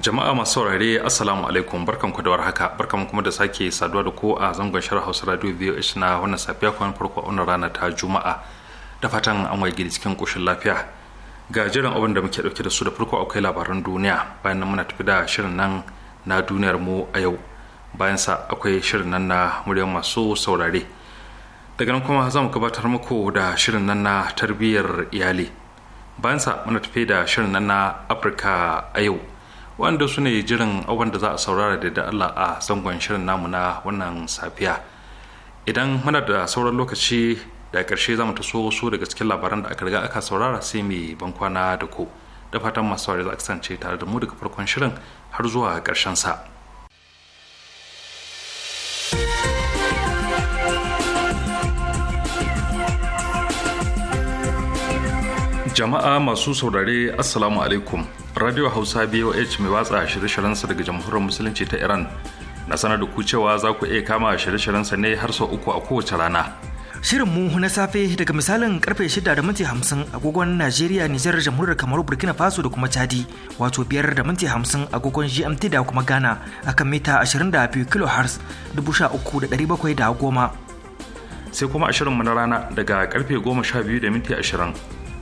jama'a masu saurare assalamu alaikum barkan ku da warhaka barkan kuma da sake saduwa da ku a zangon shirin hausa radio voh na wannan safiya kuma farko a wannan rana ta juma'a da fatan an waye cikin koshin lafiya ga jiran abin da muke dauke da su da farko akwai labaran duniya bayan nan muna tafi da shirin nan na duniyar mu a yau bayan sa akwai shirin nan na muryar masu saurare daga nan kuma za mu gabatar muku da shirin nan na tarbiyyar iyali bayan sa muna tafi da shirin nan na afirka a yau wanda su ne jiran abin da za a saurara da da Allah a zangon shirin namu na wannan safiya idan muna da sauran lokaci da ƙarshe za mu taso su daga cikin labaran da aka riga aka saurara sai mai bankwana da ku da fatan masu saurari za a kasance tare da mu daga farkon shirin har zuwa ƙarshen sa. jama'a masu saurare assalamu alaikum radio hausa boh mai watsa shirye sa daga jamhuriyar musulunci ta iran na sanar da ku cewa za ku iya kama shirye sa ne har sau uku a kowace rana shirin mu na safe daga misalin karfe shida da minti 50 agogon Najeriya, Nijar, Jamhuriyar Kamaru, Burkina Faso da kuma Chadi, wato 5 da minti 50 agogon GMT da kuma Ghana akan mita 22 kHz 13,710. Sai kuma a shirinmu na rana daga karfe biyu da minti ashirin.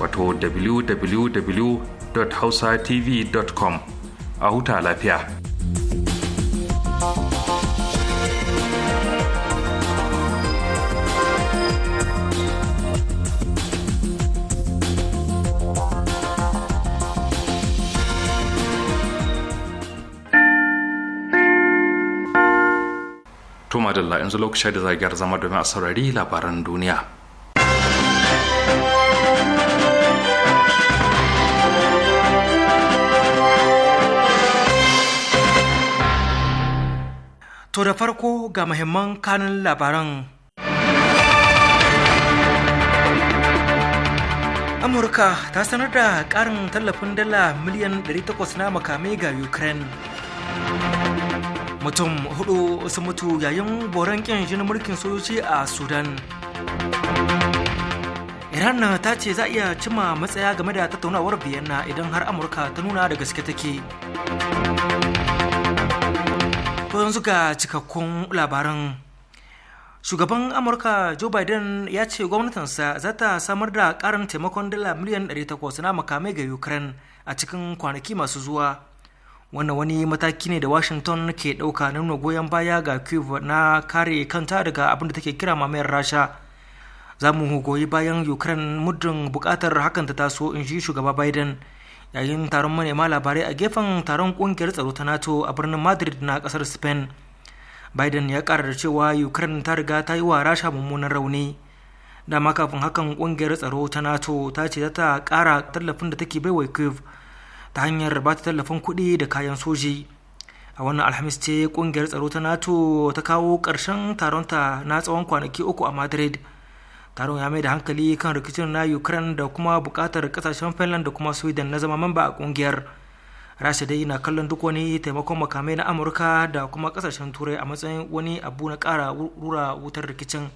wato www.hausatv.com a huta lafiya. Tuma da zuwa lokacin da zagiyar zama domin a saurari labaran duniya. To da farko ga muhimman kanin labaran. Amurka ta sanar da ƙarin tallafin dala miliyan 800 na makamai ga Ukraine. Mutum hudu sun mutu yayin boron ƙin jinin mulkin sojoji a Sudan. iran ta ce za iya cima matsaya game da tattaunawar biyanna idan har amurka ta nuna da gaske take yanzu ga cikakkun labaran shugaban amurka joe biden ya ce gwamnatinsa za ta samar da karin taimakon dala miliyan 800 na makamai ga ukraine a cikin kwanaki masu zuwa wannan wani mataki ne da washington ke dauka na nuna goyon baya ga cuba na kare kanta daga abin da take kira mamayar rasha za mu goyi bayan ukraine muddin bukatar hakan ta taso in shi shugaba biden yayin taron manema labarai a gefen taron kungiyar tsaro ta nato a birnin madrid na kasar spain biden ya kara da cewa ukraine ta riga ta yi wa rasha mummunan rauni dama kafin hakan kungiyar tsaro ta nato ta ce ta kara tallafin da take baiwa kiev ta hanyar ba ta tallafin kuɗi da kayan soji a wannan alhamis ce kungiyar tsaro ta nato ta kawo ƙarshen taronta na tsawon kwanaki uku a madrid taron ya mai hankali kan rikicin na ukraine da kuma bukatar kasashen finland da kuma sweden na zama mamba a kungiyar rasha dai na kallon duk wani taimakon makamai na amurka da kuma kasashen turai a matsayin wani abu na kara rura wutar rikicin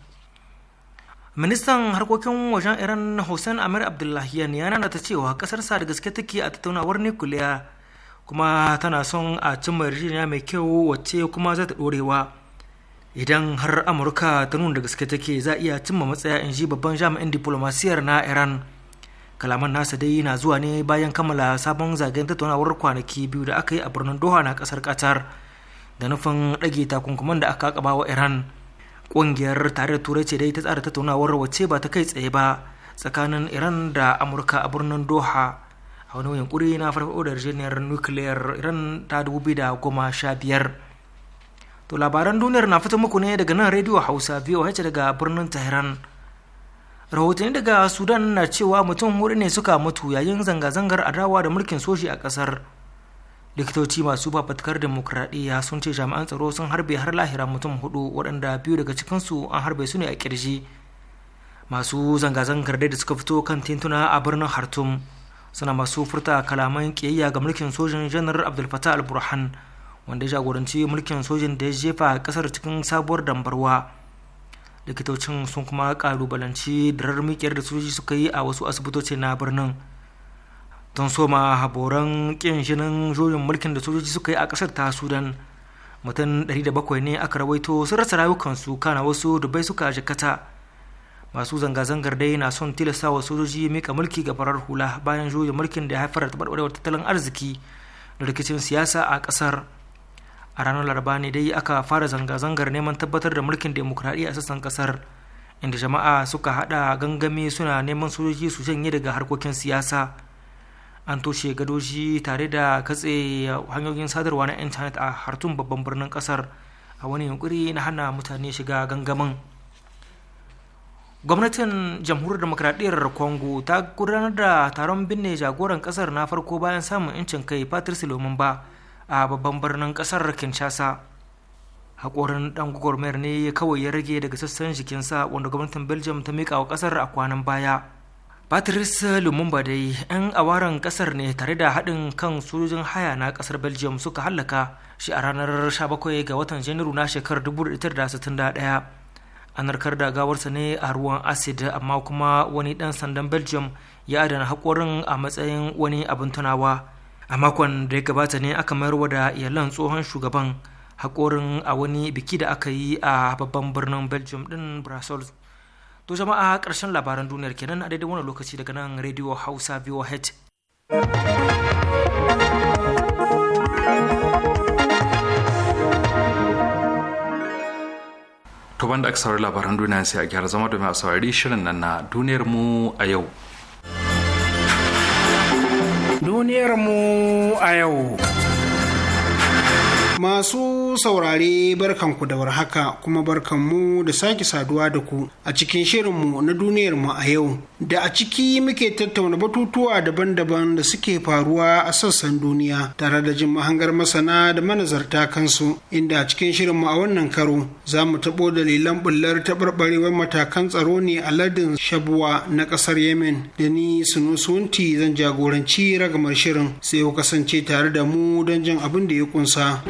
ministan harkokin wajen iran hussein amir abdullahian ya nana ta cewa kasarsa da gaske take a tattaunawar nukiliya kuma tana son a cimma yarjejeniya mai kyau wacce kuma za ta dorewa idan har amurka ta nuna da gaske take za iya cimma matsaya in ji babban jami'in diplomasiyar na iran kalaman nasa dai na zuwa ne bayan kammala sabon zagayen tattaunawar kwanaki biyu da aka yi a birnin doha na kasar qatar da nufin dage takunkuman da aka kaba wa iran ƙungiyar tarayyar turai ce dai ta tsara tattaunawar wacce ba ta kai tsaye ba tsakanin iran da amurka a birnin doha a wani yunkuri na farfaɗo da nukiliyar iran ta dubu biyu da goma sha biyar to labaran duniyar na fita muku ne daga nan rediyo hausa voh daga birnin tehran rahotanni daga sudan na cewa mutum hudu ne suka mutu yayin zanga-zangar adawa da mulkin soji a kasar likitoci masu fafatkar demokradiyya sun ce jami'an tsaro sun harbe har lahira mutum hudu waɗanda biyu daga cikinsu an harbe su ne a kirji masu zanga-zangar dai da suka fito kan tituna a birnin hartum suna masu furta kalaman kiyayya ga mulkin sojin janar abdul fatah al wanda ya jagoranci mulkin sojin da ya jefa kasar cikin sabuwar dambarwa likitocin sun kuma kalubalanci darar mikiyar da sojoji suka yi a wasu asibitoci na birnin don soma haboran kin shinin juyin mulkin da sojoji suka yi a kasar ta sudan mutum 700 ne aka rawaito sun rasa rayukansu kana wasu dubai suka jikata masu zanga-zangar dai na son tilasta wa sojoji mika mulki ga farar hula bayan juyin mulkin da ya haifar da taɓarɓarewar tattalin arziki da rikicin siyasa a kasar. a ranar laraba ne dai aka fara zanga-zangar neman tabbatar da mulkin demokuraɗiyya a sassan kasar inda jama'a suka haɗa gangami suna neman sojoji su janye daga harkokin siyasa an toshe gadoji tare da katse hanyoyin sadarwa na intanet a hartun babban birnin kasar a wani yunkuri na hana mutane shiga gangamin gwamnatin jamhuriyar demokradiyyar congo ta gudanar da taron binne jagoran kasar na farko bayan samun incin kai patrice lumumba a babban birnin kasar kinshasa haƙorin ɗan gwagwarmayar ne kawai ya rage daga sassan jikinsa wanda gwamnatin belgium ta miƙa wa ƙasar a kwanan baya patrice lumumba dai 'yan awaran kasar ne tare da haɗin kan sojojin haya na kasar belgium suka hallaka shi a ranar 17 ga watan janairu na shekarar 1961 an narkar da gawarsa ne a ruwan acid amma kuma wani ɗan sandan belgium ya adana haƙorin a matsayin wani abin tunawa a makon da ya gabata ne aka mayarwa da iyalan tsohon shugaban haƙorin a wani biki da aka yi a babban birnin belgium din brussels to jama'a ƙarshen labaran duniyar kenan a daidai wani lokaci daga nan radio hausa voh to banda aka saurari labaran duniya sai a gyara zama domin a saurari shirin nan na duniyar mu a yau duniyarmu a yau. Masu masu saurare barkanku da warhaka kuma barkanmu da sake saduwa da ku a cikin shirinmu na duniyar mu a yau da a ciki muke tattauna batutuwa daban-daban da suke faruwa a sassan duniya tare da jin mahangar masana da manazarta kansu inda a cikin shirinmu a wannan karo za mu taɓo dalilan bullar taɓarɓarewar matakan tsaro ne a lardin shabuwa na ƙasar yemen da ni sunusunti zan jagoranci ragamar shirin sai ku kasance tare da mu don jin abin da ya kunsa.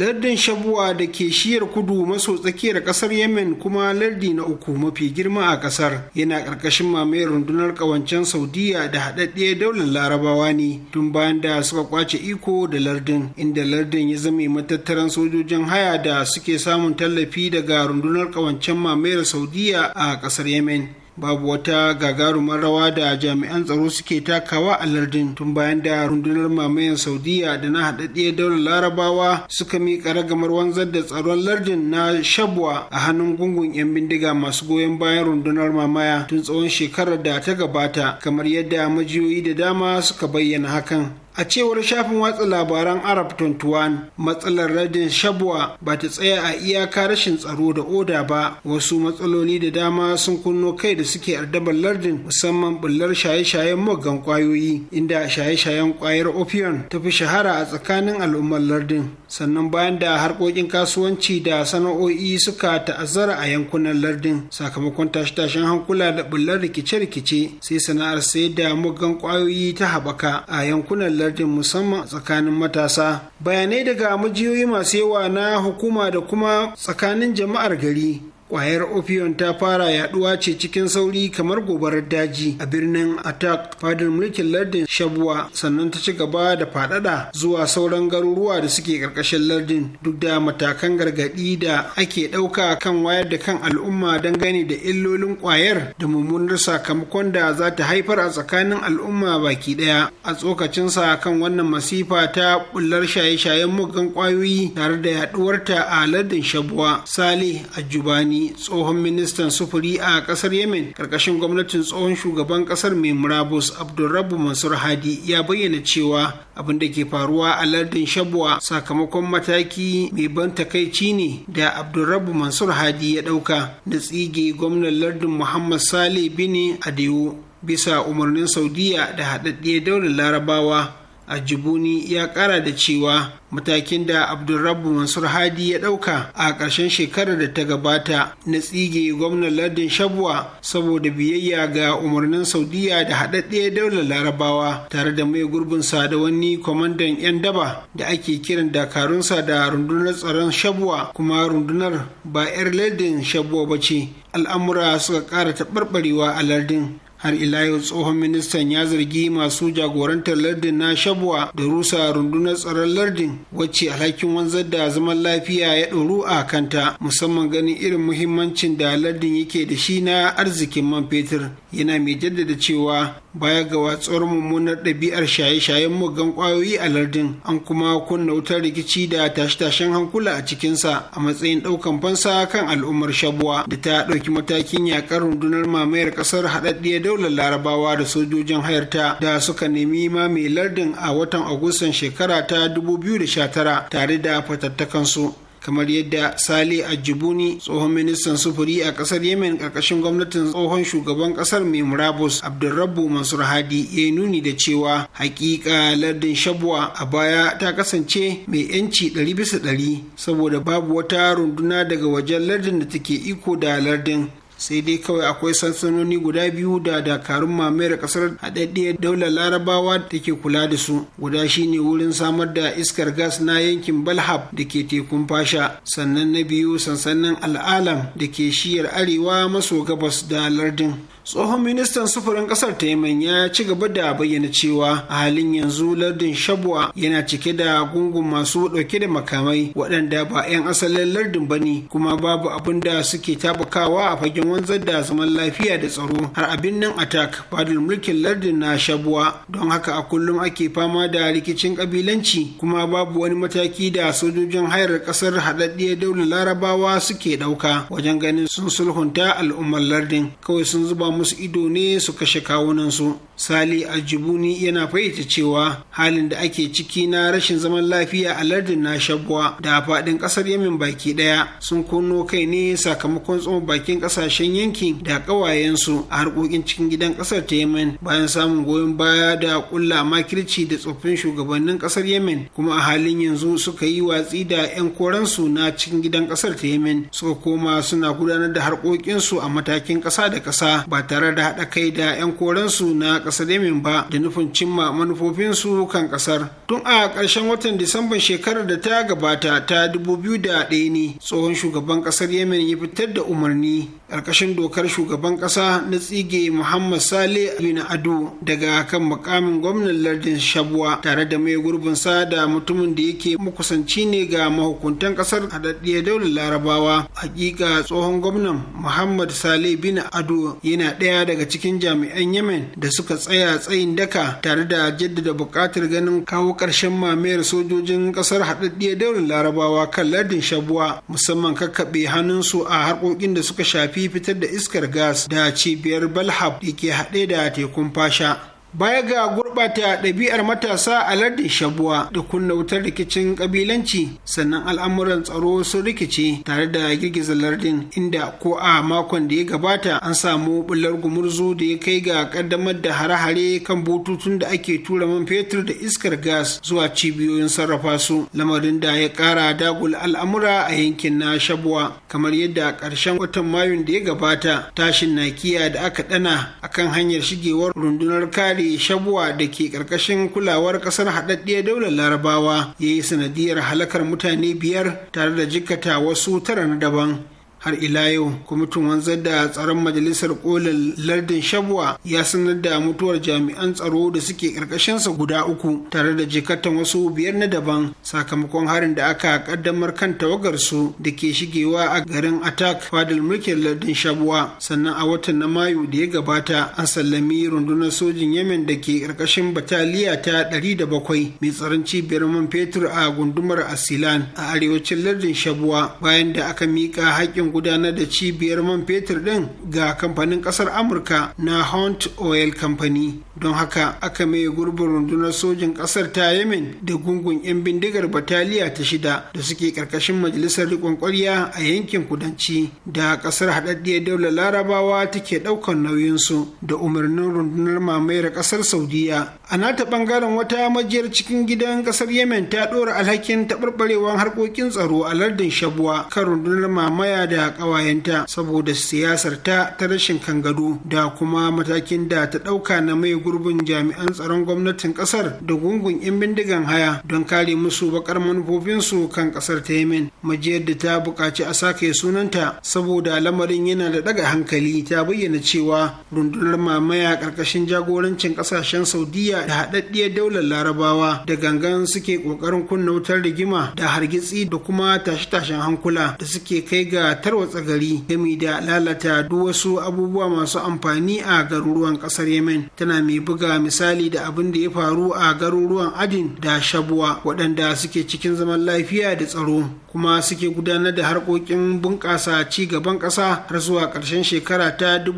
lardin shabuwa da ke shiyar kudu maso tsakiyar kasar yemen kuma lardi na uku mafi girma a kasar yana ƙarƙashin mamayar rundunar ƙawancen saudiya da haɗaɗɗiyar daular larabawa ne tun bayan da suka kwace iko da lardin inda lardin ya zame matattaran sojojin haya da suke samun tallafi daga rundunar ƙawancen mamayar saudiya a kasar yemen babu wata gagarumar rawa da jami'an tsaro suke takawa a lardin tun bayan da rundunar mamayan saudiya da na haɗaɗɗiyar daular larabawa suka miƙa ragamar wanzar da tsaron lardin na shabwa a hannun gungun 'yan bindiga masu goyon bayan rundunar mamaya tun tsawon shekarar da ta gabata kamar yadda majiyoyi da dama suka bayyana hakan A cewar shafin watsa labaran Arab 21, matsalar rajin Shabuwa ba ta tsaya a iyaka rashin tsaro da oda ba, wasu matsaloli da dama sun kunno kai da suke ardabar lardin musamman bullar shaye-shayen muggan kwayoyi, inda shaye-shayen kwayar opium ta fi shahara a tsakanin al'ummar lardin. Sannan bayan da harkokin kasuwanci da sana'o'i suka ta'azzara a yankunan lardin sakamakon tashe-tashen hankula da bullar rikice-rikice sai sana'ar sayar da muggan kwayoyi ta haɓaka a yankunan lardin musamman tsakanin matasa bayanai daga majiyoyi masu yawa na hukuma da kuma tsakanin jama'ar gari kwayar opium ta fara yaduwa ce cikin sauri kamar gobarar daji a birnin attack fadin mulkin lardin shabuwa sannan ta ci gaba da fadada zuwa sauran garuruwa da suke karkashin lardin duk da matakan gargadi da ake dauka kan wayar da kan al'umma dangane da illolin kwayar da mummunar sakamakon da za ta haifar a tsakanin al'umma baki daya a tsokacinsa kan wannan masifa ta bullar shaye-shayen muggan kwayoyi tare da yaduwarta a lardin shabuwa sale Jubani. tsohon ministan sufuri a kasar Yemen karkashin gwamnatin tsohon shugaban kasar mai murabus Abdulrabu Mansur Hadi ya bayyana cewa abin da ke faruwa a lardin Shabwa sakamakon mataki mai ban takaici ne da Abdulrabu Mansur Hadi ya ɗauka da tsige gwamnan lardin Muhammad Saleh Bini Adewo bisa umarnin Saudiya da haɗaɗɗiyar daular Larabawa a jibuni ya kara da cewa matakin da abdulrabu mansur hadi ya ɗauka a ƙarshen shekarar da ta gabata na tsige gwamnan lardin shabwa saboda biyayya ga umarnin saudiya da haɗaɗɗe daular larabawa tare da mai gurbinsa da wani kwamandan 'yan daba da ake kiran dakarunsa da rundunar tsaron shabwa kuma rundunar ba 'yar lardin shabwa ba ce al'amura suka ƙara taɓarɓarewa a lardin har ila yau tsohon ministan ya zargi masu jagorantar lardin na shabwa da rusa rundunar tsaron lardin wacce alhakin wanzar da zaman lafiya ya ɗoru a kanta musamman ganin irin muhimmancin da lardin yake da shi na arzikin man fetur yana mai jaddada cewa baya ga watsuwar mummunar ɗabi'ar shaye-shayen mugan ƙwayoyi a lardin an kuma kunna wutar rikici da tashe-tashen hankula a cikinsa a matsayin ɗaukan fansa kan al'ummar shabuwa da ta ɗauki matakin yaƙar rundunar mamayar ƙasar haɗaɗɗiya daular larabawa da sojojin hayarta da suka nemi mai lardin a watan agustan shekara ta 2019 tare da fatattakansu kamar yadda sale ajibuni tsohon ministan sufuri a kasar yemen karkashin gwamnatin tsohon shugaban kasar mai murabus abdulrabu mansur hadi ya yi nuni da cewa hakika lardin shabwa a baya ta kasance mai yanci ɗari bisa ɗari saboda babu wata runduna daga wajen lardin da take iko da lardin sai dai kawai akwai sansanoni guda biyu da dakarun mamayar kasar haɗaɗɗiyar daular larabawa da ke kula da su guda shine wurin samar da iskar gas na yankin balhab da ke tekun fasha sannan na biyu sansanin al'alam da ke shiyar arewa maso gabas da lardin tsohon ministan sufurin kasar taiman ya ci gaba da bayyana cewa a halin yanzu lardin shabwa yana cike da gungun masu dauke da makamai waɗanda ba 'yan asalin lardin ba ne kuma babu abin da suke tabakawa a fagen wanzar da zaman lafiya da tsaro har abin nan attack fadil mulkin lardin na shabwa don haka a kullum ake fama da rikicin kabilanci kuma babu wani mataki da sojojin hayar kasar haɗaɗɗiyar daular larabawa suke ɗauka wajen ganin sun sulhunta al'ummar lardin kawai sun zuba musu ido ne su kashe kawunansu sali jibuni yana fahimta cewa halin da ake ciki na rashin zaman lafiya a lardin na shabuwa da faɗin ƙasar yamin baki ɗaya sun kunno kai ne sakamakon tsoma bakin ƙasashen yankin da ƙawayensu a harkokin cikin gidan ƙasar ta yamin bayan samun goyon baya da ƙulla makirci da tsoffin shugabannin ƙasar yamin kuma a halin yanzu suka yi watsi da 'yan koransu na cikin gidan ƙasar ta yamin suka koma suna gudanar da harkokinsu a matakin ƙasa da ƙasa ba tare da haɗa kai da 'yan koransu na ƙasar yemen ba da nufin cimma manufofinsu kan ƙasar tun a ƙarshen watan disamban shekarar da ta gabata ta dubu biyu da 2001 ne tsohon shugaban ƙasar yemen ya fitar da umarni ƙarƙashin dokar shugaban ƙasa na tsige Muhammad Sale bin Ado daga kan mukamin gwamnan lardin Shabuwa tare da mai gurbin sa da mutumin da yake makusanci ne ga mahukuntan ƙasar haɗaɗɗiyar daular Larabawa. Hakika tsohon gwamnan Muhammad Sale bin Ado yana ɗaya daga cikin jami'an Yemen da suka tsaya tsayin daka tare da jaddada buƙatar ganin kawo ƙarshen mamayar sojojin ƙasar haɗaɗɗiya daular Larabawa kan lardin Shabuwa musamman kakkaɓe hannunsu a harkokin da suka shafi fitar da iskar gas da cibiyar balhab da ke haɗe da tekun fasha baya ga gurɓata ɗabi'ar matasa a lardin shabuwa da kunna wutar rikicin ƙabilanci sannan al'amuran tsaro sun rikice tare da girgiza lardin inda ko a makon da ya gabata an samu bular gumurzu da ya kai ga ƙaddamar da hare-hare kan bututun da ake tura man fetur da iskar gas zuwa cibiyoyin sarrafa su lamarin da ya ƙara dagul al'amura a yankin na shabuwa kamar yadda ƙarshen watan mayun da ya gabata tashin nakiya da aka ɗana akan hanyar shigewar rundunar kari. jari shabwa da ke ƙarƙashin kulawar ƙasar haɗaɗɗiyar daular larabawa ya yi sanadiyar halakar mutane biyar tare da jikata wasu tara na daban har ila yau kwamitin wanzar da tsaron majalisar kolin lardin shabwa ya sanar da mutuwar jami'an tsaro da suke ƙarƙashinsa guda uku tare da jikatan wasu biyar na daban sakamakon harin da aka ƙaddamar kan tawagar su da ke shigewa a garin atak fadil mulkin lardin shabwa sannan a watan na mayu da ya gabata an sallami rundunar sojin yemen da ke ƙarƙashin bataliya ta 107 mai tsaron cibiyar man fetur a gundumar asilan a arewacin lardin shabwa bayan da aka miƙa haƙƙin gudanar da cibiyar man fetur ɗin ga kamfanin ƙasar amurka na hunt oil company don haka aka mai gurbin rundunar sojin ƙasar ta yemen da gungun 'yan bindigar bataliya ta shida da suke ƙarƙashin majalisar riƙon ƙwarya a yankin kudanci da ƙasar haɗaɗɗiyar daular larabawa take ɗaukar nauyinsu da umarnin rundunar mamayar ƙasar saudiya a nata ɓangaren wata majiyar cikin gidan ƙasar yemen ta ɗora alhakin taɓarɓarewar harkokin tsaro a lardin shabuwa kan rundunar mamaya da da ƙawayenta saboda siyasarta ta ta rashin kangado da kuma matakin da ta ɗauka na mai gurbin jami'an tsaron gwamnatin ƙasar da gungun 'yan bindigan haya don kare musu bakar manufofinsu kan ƙasar ta yemen majiyar da ta buƙaci a sake sunanta saboda lamarin yana da ɗaga hankali ta bayyana cewa rundunar mamaya ƙarƙashin jagorancin ƙasashen saudiya da haɗaɗɗiyar daular larabawa da gangan suke ƙoƙarin kunna wutar rigima da hargitsi da kuma tashe-tashen hankula da suke kai ga tarwatsa gari gami da lalata duk wasu abubuwa masu amfani a garuruwan kasar yemen tana mai buga misali da abin da ya faru a garuruwan adin da shabuwa waɗanda suke cikin zaman lafiya da tsaro kuma suke gudanar da harkokin bunƙasa ci gaban ƙasa har zuwa ƙarshen shekara ta da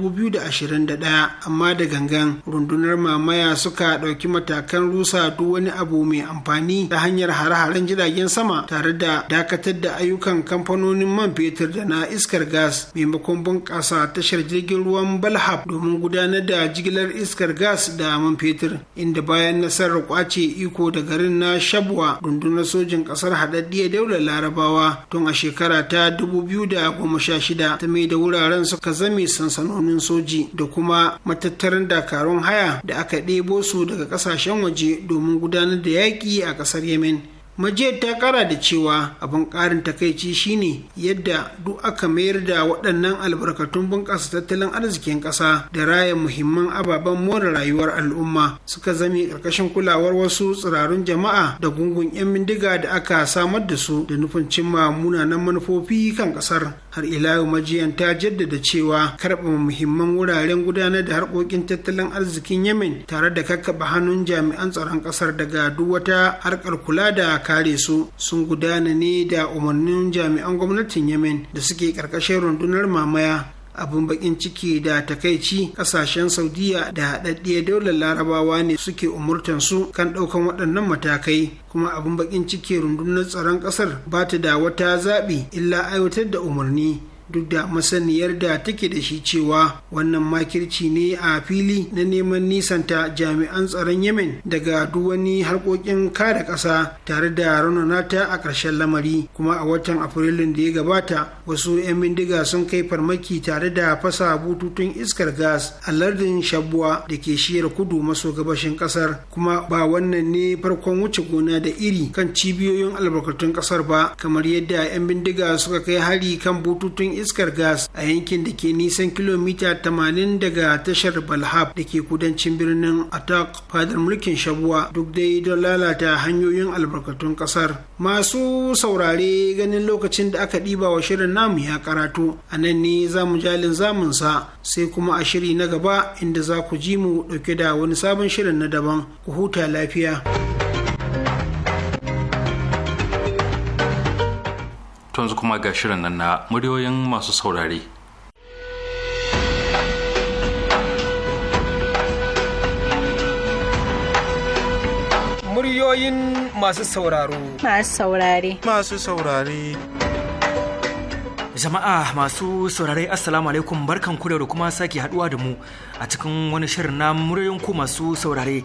ashirin 2021 amma da gangan rundunar mamaya suka ɗauki matakan rusa duk wani abu mai amfani ta hanyar hare-haren jiragen sama tare da dakatar da ayyukan kamfanonin man fetur da na na iskar gas maimakon bunƙasa tashar jirgin ruwan balhab domin gudanar da jigilar iskar gas da man fetur inda bayan nasarar kwace iko da garin na shabwa rundunar sojin ƙasar haɗaɗɗiyar daular larabawa tun a shekara ta 2016 ta mai da wuraren suka zame sansanonin soji da kuma matattarin dakarun haya da aka ɗebo su daga ƙasashen waje domin gudanar da yaƙi a ƙasar yemen majiyar ta kara da cewa abin karin takaici shine yadda duk aka mayar da waɗannan albarkatun bunƙasa tattalin arzikin ƙasa da raya muhimman ababen more rayuwar al'umma suka zame ƙarƙashin kulawar wasu tsirarun jama'a da gungun 'yan bindiga da aka samar da su da nufin cimma munanan manufofi kan ƙasar har ila yau majiyan ta jaddada cewa karɓa muhimman wuraren gudanar da harkokin tattalin arzikin yamin tare da kakkaɓa hannun jami'an tsaron ƙasar daga duk wata harkar kula da kare su sun gudana ne da umarnin jami'an gwamnatin yemen da suke ƙarƙashin rundunar mamaya abin bakin ciki da takaici kasashen saudiya da haɗaɗɗiyar daular larabawa ne suke umurtan su kan ɗaukan waɗannan matakai kuma abin bakin ciki rundunar tsaron ƙasar ba ta da wata zaɓi illa aiwatar da umarni duk da masaniyar da take da shi cewa wannan makirci ne a fili na neman nisanta jami'an tsaron yemen daga duk wani harkokin kare ƙasa tare da ta a ƙarshen lamari kuma a watan afrilun da ya gabata wasu 'yan bindiga sun kai farmaki tare da fasa bututun iskar gas a lardin shabuwa da ke shiyar kudu maso gabashin ƙasar kuma ba wannan ne farkon wuce gona da iri kan cibiyoyin albarkatun ƙasar ba kamar yadda 'yan bindiga suka kai hari kan bututun iskar gas a yankin da ke nisan kilomita 80 daga tashar balhab da ke kudancin birnin atak fadar mulkin shabuwa duk dai don lalata hanyoyin albarkatun kasar masu saurare ganin lokacin da aka ɗiba wa shirin namu ya karatu a nan ne za mu jalin zamunsa sai kuma a shiri na gaba inda za ku ji mu ɗauke da wani sabon shirin na daban ku huta lafiya. to yanzu kuma ga shirin nan na muryoyin masu saurare muryoyin masu sauraro masu saurare masu saurare jama'a masu saurare assalamu alaikum barkan ku da kuma sake haduwa da mu a cikin wani shirin na muryoyin ku masu saurare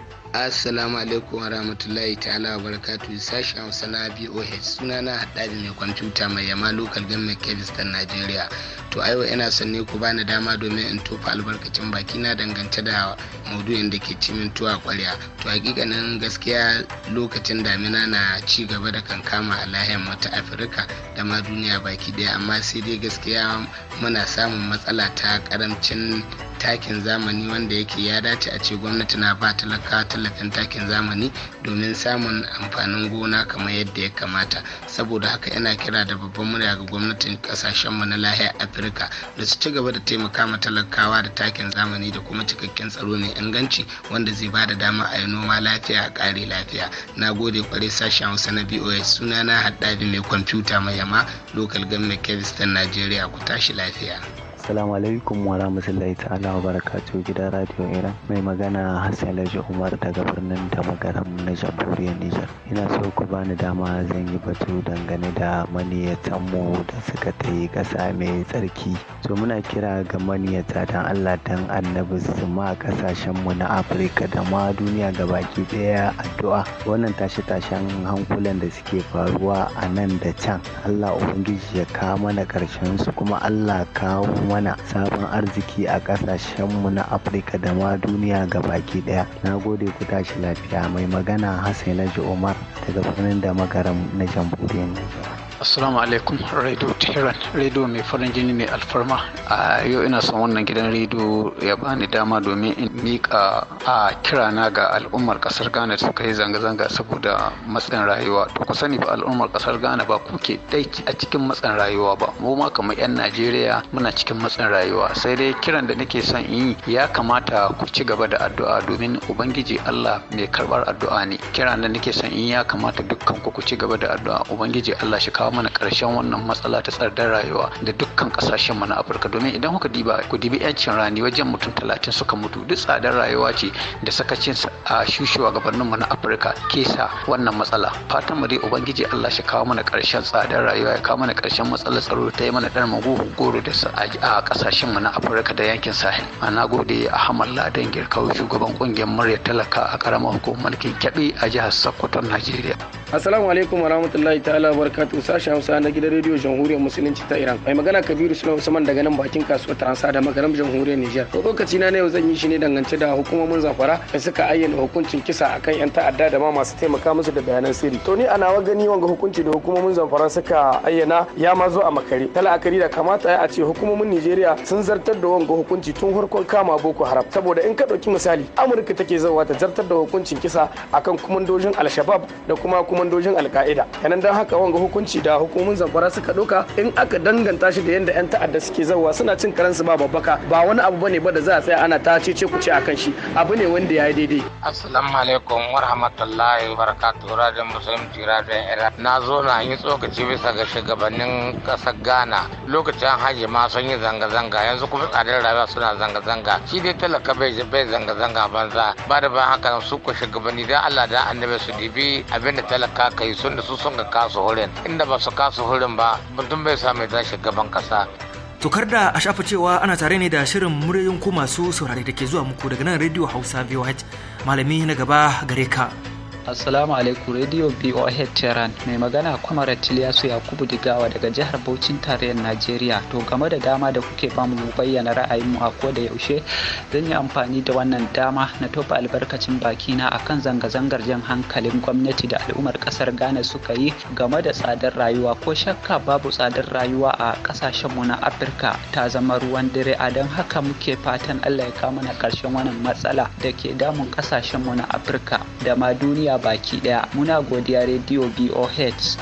Assalamu alaikum wa rahmatullahi ta'ala wa barakatuhu sashi Hausa na BOH suna na haɗari mai kwamfuta mai yama local government Kebistan Najeriya. To a yau ina son ne ku bani dama domin in tofa albarkacin baki na dangance da maudu'in da ke cimin tuwa kwarya. To hakikanin gaskiya lokacin damina na ci gaba da kankama a lahiyar mata Afirka da ma duniya baki ɗaya amma sai dai gaskiya muna samun matsala ta karamcin takin zamani wanda yake ya dace a ce gwamnati na ba talaka tallafin takin zamani domin samun amfanin gona kamar yadda ya kamata saboda haka yana kira da babban murya ga gwamnatin mu na lahiyar afirka da su ci gaba da taimaka ma talakawa da takin zamani da kuma cikakken tsaro mai inganci wanda zai ba da dama a yi noma lafiya a kare lafiya na gode kwarai sashen hausa na BOS suna sunana haɗabi mai kwamfuta mai yama lokal government kebistan najeriya ku tashi lafiya Assalamu alaikum wa rahmatullahi ta'ala wa barakatuhu gidan Radio Iran. Mai magana Hassan Laji Umar daga birnin Tamagaram na Jamhuriyar Nijar. Ina so ku bani dama zan yi batu dangane da maniyatan mu da suka ta yi ƙasa mai tsarki. To muna kira ga maniyata dan Allah dan Annabi su ma ƙasashen mu na Afirka da ma duniya gabaki ɗaya addu'a. Wannan tashe-tashen hankulan da suke faruwa a nan da can. Allah Ubangiji ya kawo mana ƙarshen su kuma Allah kawo mana sabon arziki a ƙasashenmu na Afirka da ma duniya gabaki ɗaya. Na gode ku tashi lafiya mai magana Hassan Laji Umar daga birnin da magaram na jamhuriyar Nijar. Assalamu alaikum Radio Tehran Radio mai farin jini mai alfarma a yau ina son wannan gidan radio ya bani dama domin in mika a kirana ga al'ummar kasar Ghana da suka zanga-zanga saboda matsin rayuwa to ku sani ba al'ummar kasar Ghana ba kuke dai a cikin matsin rayuwa ba mu ma kamar yan Najeriya muna cikin matsin rayuwa sai dai kiran da nake son yi ya kamata ku ci gaba da addu'a domin ubangiji Allah mai karbar addu'a ne kiran da nake son yi ya kamata dukkan ku ku ci gaba da addu'a ubangiji Allah shi kawo kawo mana ƙarshen wannan matsala ta tsardar rayuwa da dukkan kasashen mana Afirka domin idan kuka diba ku dibi yancin rani wajen mutum talatin suka mutu duk tsadar rayuwa ce da sakacin a shushewa gabanin mu na Afirka ke sa wannan matsala fatan mu dai ubangiji Allah shi kawo mana ƙarshen tsadar rayuwa ya kawo mana karshen matsalar tsaro ta yi mana ɗan magu goro da a ƙasashen mu na Afirka da yankin Sahel ana gode Ahmad Ladan girkawo shugaban kungiyar murya talaka a karamar hukumar Kyabe a jihar Sokoto Najeriya Assalamu alaikum rahmatullahi ta'ala barkatu sashen Hausa na gidan rediyo Jamhuriyar Musulunci ta Iran. Mai magana Kabiru Sula Usman daga nan bakin kasuwar Transa da magaram Jamhuriyar Niger. To lokaci na yau zan yi shi ne dangance da hukumomin zafara da suka ayyana hukuncin kisa akan 'yan ta'adda da ma masu taimaka musu da bayanan sirri. To ni ana gani wanga hukunci da hukumomin zamfara suka ayyana ya ma zo a makare. Tala'akari da kamata a ce hukumomin Nijeriya sun zartar da wanga hukunci tun harkon kama Boko Haram. Saboda in ka ɗauki misali Amurka take zawa ta zartar da hukuncin kisa akan kumandojin Al-Shabab da kuma kumandojin Al-Qaeda. Yanan don haka wanga hukunci da da hukumomin zamfara suka ɗauka in aka danganta shi da yadda 'yan ta'adda suke zauwa suna cin karansu ba babbaka ba wani abu bane ba da za a tsaya ana ta ce ku ce akan shi abu ne wanda ya yi daidai. Assalamu alaikum wa rahmatullahi wa barakatuhu radiyon musulunci radiyon Iraq. Na zo na yi tsokaci bisa ga shugabannin ƙasar Ghana lokacin hajji ma sun yi zanga-zanga yanzu kuma tsadar rayuwa suna zanga-zanga shi dai talaka bai zanga-zanga banza ba da ban haka su ko shugabanni don Allah da annabi su dibi abinda talaka kai sun da su sun ga kasu horin inda ba su kasu hurin ba mutum bai sa mai tashi gaban kasa Tukar da a shafa cewa ana tare ne da shirin muryoyin ku masu saurare da ke zuwa muku daga nan Radio Hausa VOH Malami na gaba gare ka. Assalamu alaikum Radio BOH Tehran mai magana kwamara Tiliyasu Yakubu Digawa daga jihar Bauchin tarayyar Najeriya. To game da dama da kuke ba mu bayyana ra'ayinmu a ko da yaushe zan yi amfani da wannan dama na tofa albarkacin bakina akan zanga-zangar jan hankalin gwamnati da al'ummar kasar Ghana suka yi game da tsadar rayuwa ko shakka babu tsadar rayuwa a kasashen na Afirka ta zama ruwan dare a don haka muke fatan Allah ya kawo mana karshen wannan matsala da ke damun kasashen mu na Afirka da ma duniya duniya baki daya muna godiya rediyo boh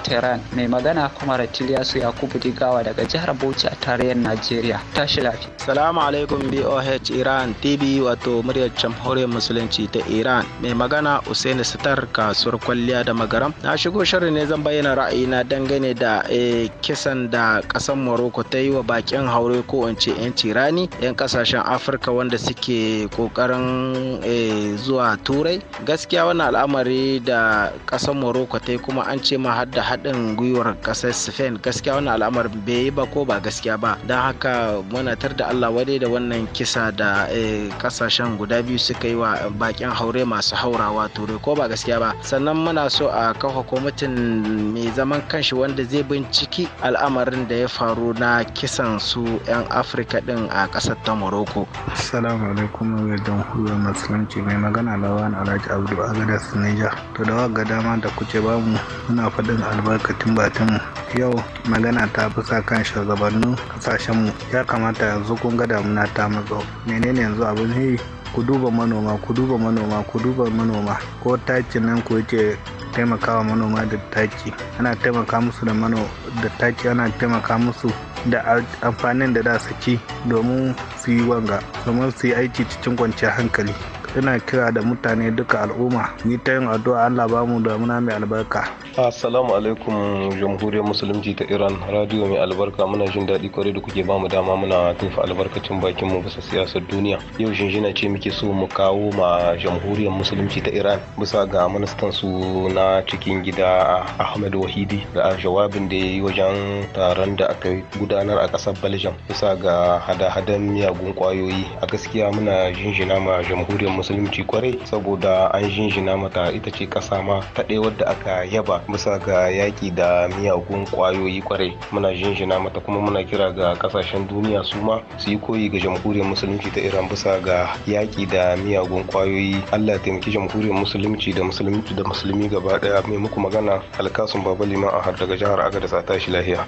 tehran mai magana kuma ratiliyasu yakubu digawa daga jihar bauchi a tarayyar najeriya tashi lafiya salamu alaikum boh iran tv wato muryar jamhuriyar musulunci ta iran mai magana usaini sitar kasuwar kwalliya da magaram na shigo shirin ne zan bayyana ra'ayina dangane da eh, kisan da kasan morocco ta yi wa bakin haure ko in ce 'yan tirani 'yan kasashen afirka wanda suke kokarin eh, zuwa turai gaskiya wannan al'amari ce da ƙasar morocco ta kuma an ce ma har da haɗin gwiwar ƙasar spain gaskiya wannan al'amar bai yi ba ko ba gaskiya ba don haka muna tar da allah wadai da wannan kisa da eh, ƙasashen guda biyu suka yi wa bakin haure masu haurawa turai ko ba gaskiya ba sannan muna so a kafa kwamitin mai zaman kanshi wanda zai binciki al'amarin da ya faru na kisan su 'yan afirka din a ƙasar ta morocco assalamu alaikum rahmatullahi wa musulunci mai magana lawan alhaji abdu agadas niger albarka to da ga dama da kuke bamu muna faɗin albarkatun batinmu yau magana ta fi sa kan shugabannin kasashenmu ya kamata yanzu kun ga damuna ta matso menene yanzu abin yi ku duba manoma ku duba manoma ku duba manoma ko takin nan ku yake taimakawa manoma da taki ana taimaka musu da mano da taki ana taimaka musu da amfanin da da saki domin su yi wanga domin su yi aiki cikin kwanciyar hankali ina kira da mutane duka al'umma ni ta yin addu'a Allah ba mu da muna mai albarka assalamu alaikum jamhuriyar musulunci ta Iran radio mai albarka muna jin daɗi kwarai da kuke ba mu dama muna tufa albarkacin bakin mu bisa siyasar duniya yau shinshina ce muke so mu kawo ma jamhuriyar musulunci ta Iran bisa ga ministan su na cikin gida Ahmed Wahidi da jawabin da ya yi wajen taron da aka gudanar a ƙasar Belgium bisa ga hada-hadan miyagun kwayoyi a gaskiya muna jinjina ma jamhuriyar musulunci kwarai saboda an jinjina mata ita ce kasa ma ta ɗaya wadda aka yaba bisa ga yaƙi da miyagun ƙwayoyi kwarai muna jinjina mata kuma muna kira ga kasashen duniya su ma su yi koyi ga jamhuriyar musulunci ta iran bisa ga yaƙi da miyagun ƙwayoyi allah ya taimaki jamhuriyar musulunci da musulunci da musulmi gaba ɗaya mai muku magana alkasun baba liman ahar daga jihar agada a tashi lahiya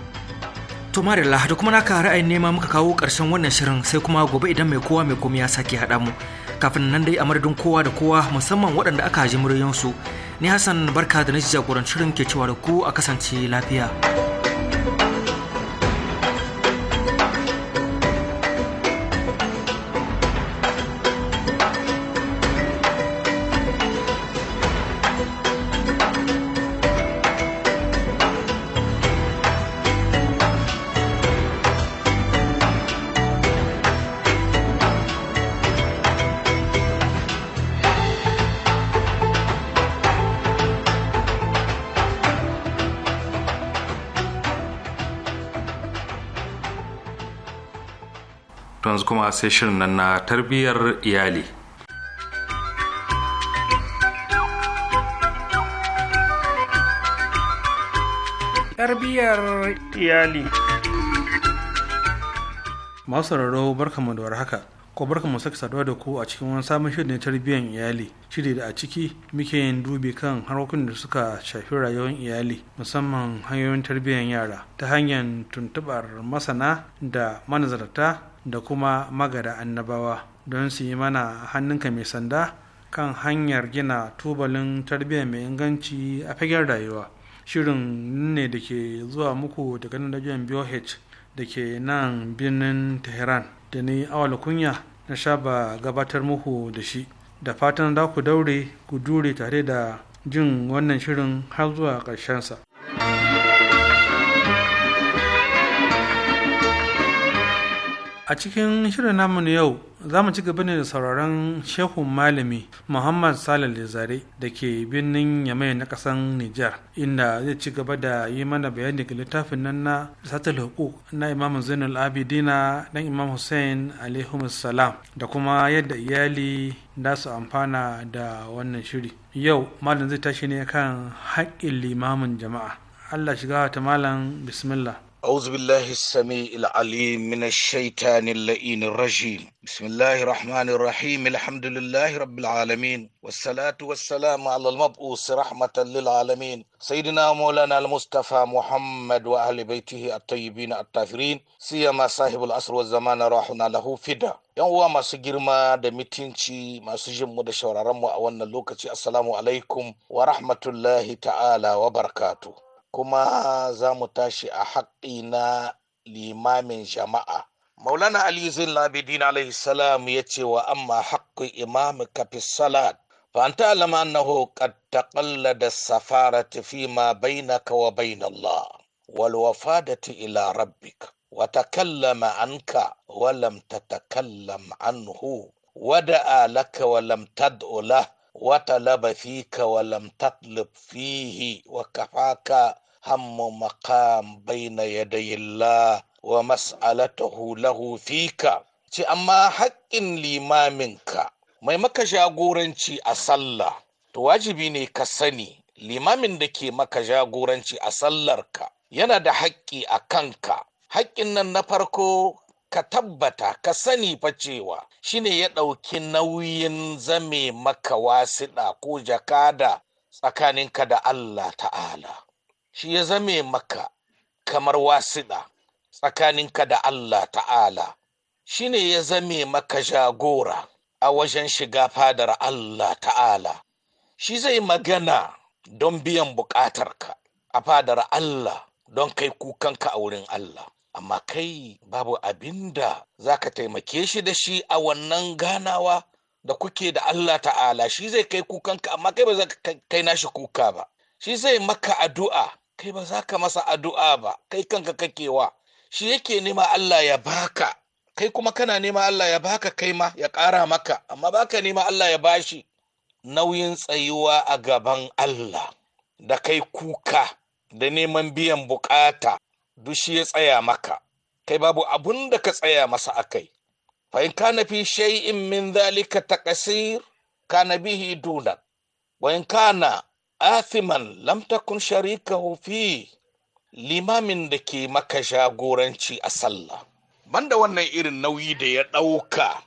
To Marilla, da kuma naka ra'ayin nema muka kawo ƙarshen wannan shirin sai kuma gobe idan mai kowa mai komi ya sake haɗa mu. kafin nan dai a madadin kowa da kowa musamman waɗanda aka ji muryoyinsu ni hassan barka da na jagorancin ke cewa da ku a kasance lafiya. sai shirin nan na tarbiyyar iyali tarbiyyar iyali masu sauraro barkamu da haka ko barkamu saki saduwa da ku a cikin wani sabon shirin tarbiyyar iyali shiri da a ciki muke yin dubi kan harkokin da suka shafi rayuwar iyali musamman hanyoyin tarbiyyar yara ta hanyar tuntubar masana da manazarta da kuma magada annabawa don su yi mana hannunka mai sanda kan hanyar gina tubalin tarbiyya mai inganci a fagen rayuwa shirin ne da ke zuwa muku daga nan rajon BOH da ke nan birnin tehran da ni awal kunya na shaba gabatar muku da shi da fatan za ku daure ku dure tare da jin wannan shirin har zuwa ƙarshensa a cikin shirin namu na yau za mu ci gaba ne da sauraron shehun malami muhammad salal zare da ke birnin yamai na kasan nijar inda zai ci gaba da yi mana bayani ga littafin nan na satul hukuk na imam zainul abidina dan imam hussein alaihim salam da kuma yadda iyali da su amfana da wannan shiri yau malam zai tashi ne kan haƙƙin limamin jama'a allah shiga ta malam bismillah أعوذ بالله السميع العليم من الشيطان اللئين الرجيم بسم الله الرحمن الرحيم الحمد لله رب العالمين والصلاة والسلام على المبعوث رحمة للعالمين سيدنا مولانا المصطفى محمد وأهل بيته الطيبين الطاهرين سيما صاحب العصر والزمان راحنا له فدا yan uwa masu girma da mitinci masu jinmu da shauraronmu a wannan lokaci assalamu alaikum wa rahmatullahi ta'ala wa barkatu kuma za mu tashi a haƙƙi limamin jama'a. Maulana Ali Zin Labidin alayhi salam ya ce wa amma haƙƙi imamu kafi salat. Fanta alama annahu qad taqalla da safara fi ma bainaka wa bain Allah wal wafadati ila rabbika wa takallama anka wa lam tatakallam anhu wada'a laka wa lam tad'u وطلب فيك ولم تطلب فيه وكفاك هم مقام بين يدي الله ومسألته له فيك ce amma haƙƙin limaminka mai maka jagoranci a sallah to wajibi ne ka sani limamin da ke maka jagoranci a sallarka yana da haƙƙi a kanka haƙƙin nan na farko ka tabbata ka sani fa cewa shine ya ɗauki nauyin zame maka wasiɗa ko jakada tsakaninka da Allah ta'ala shi ya zame maka kamar wasiɗa tsakaninka da Allah ta'ala shi ne ya zame maka jagora a wajen shiga fadar Allah ta'ala shi zai magana don biyan buƙatarka a fadar Allah don kai kukanka a wurin Allah amma kai babu abin da za ka taimake shi da shi a wannan ganawa da kuke da Allah ta'ala shi zai kai kukanka amma kai ba za ka kai nashi kuka ba shi zai maka addu'a kai ba za ka masa addu'a ba kai kanka kakewa shi yake nema Allah ya baka kai kuma kana nema Allah ya baka kai ma ya ƙara maka amma baka nema Allah ya bashi nauyin tsayuwa a gaban Allah da kai kuka da neman biyan bukata dushi ya tsaya maka kai babu abun da ka tsaya masa akai kai ka kana fi shay'in min dhalika taqsir na bihi dunan wa in kana athiman lam takun sharikahu fi limamin da ke maka jagoranci a sallah banda wannan irin nauyi da ya ɗauka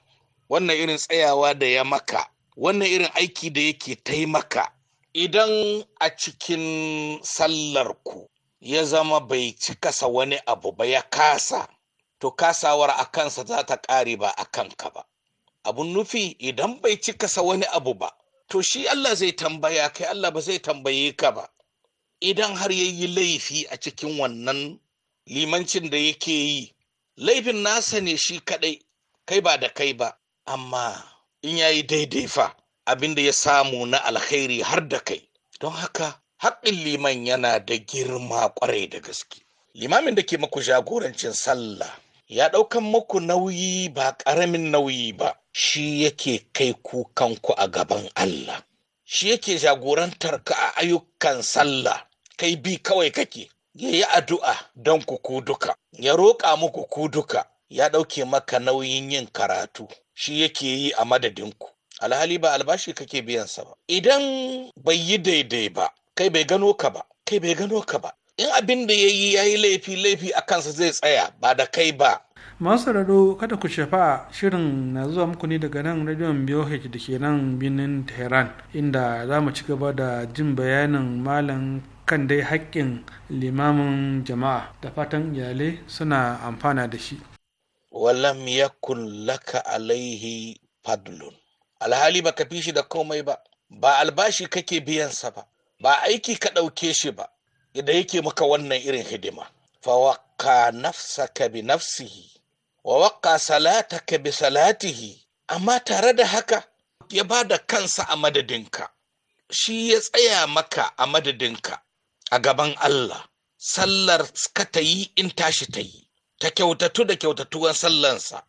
wannan irin tsayawa da ya maka wannan irin aiki da yake taimaka idan a cikin sallar ku ya zama bai cikasa wani abu ba ya kasa to kasawar a kansa za ta ƙare ba a kanka ba abun nufi idan bai cikasa wani abu ba to shi Allah zai tambaya kai Allah ba zai tambaye ka ba idan har ya yi laifi a cikin wannan limancin da yake yi laifin nasa ne shi kadai kai ba da kai ba amma in ya yi daidai fa abin da ya samu na alkhairi har da kai don haka haƙƙin liman yana da girma ƙwarai da gaske limamin da ke maku jagorancin sallah ya ɗaukan maku nauyi ba ƙaramin nauyi ba shi yake kai kukanku a gaban Allah shi yake jagorantar ka a ayyukan sallah kai bi kawai kake ya yi addu'a don ku ku duka ya roƙa muku ku duka ya ɗauke maka nauyin yin karatu shi yake yi a madadinku alhali ba albashi kake biyansa ba idan bai yi daidai ba kai bai gano ka ba kai bai gano ka ba in abin da ya yi ya yi laifi laifi a kansa zai tsaya ba da kai ba masu sauraro kada ku shafa shirin na zuwa muku ne daga nan rajon BOH da ke nan birnin tehran inda za mu ci gaba da jin bayanin malam kan dai haƙƙin limamin jama'a da fatan iyalai suna amfana da shi walam yakun laka alaihi fadlun alhali baka fi shi da komai ba ba albashi kake biyan sa ba ba aiki ka ɗauke shi ba da yake maka wannan irin hidima fawakka nafsaka bi nafsihi wa salata salataka bi salatihi amma tare da haka ya ba da kansa a madadinka shi ya tsaya maka a madadinka a gaban Allah sallar ka ta yi in tashi ta yi ta kyautatu da kyautatuwan sallansa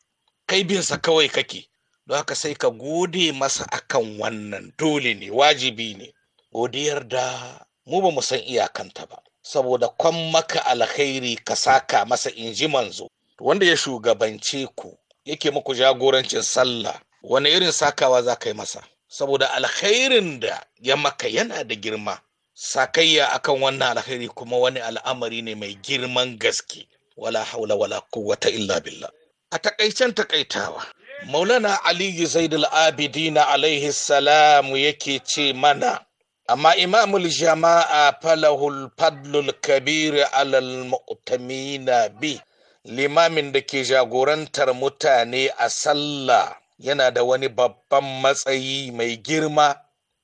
kai binsa kawai kake don haka sai ka gode masa akan wannan dole ne wajibi ne godiyar da mu ba mu san iyakanta ba saboda kwan maka alkhairi ka saka masa inji manzo wanda ya shugabance ku yake muku jagorancin sallah wani irin sakawa za ka yi masa saboda alkhairin da ya maka yana da girma sakayya akan wannan alkhairi kuma wani al'amari ne mai girman gaske wala haula wala quwwata illa billah a takaicen takaitawa maulana ali zaid al-abidina alaihi salam yake ce mana amma imamul jama'a falahul fadlul kabir alal mu'tamina bi limamin da ke jagorantar mutane a sallah yana da wani babban matsayi mai girma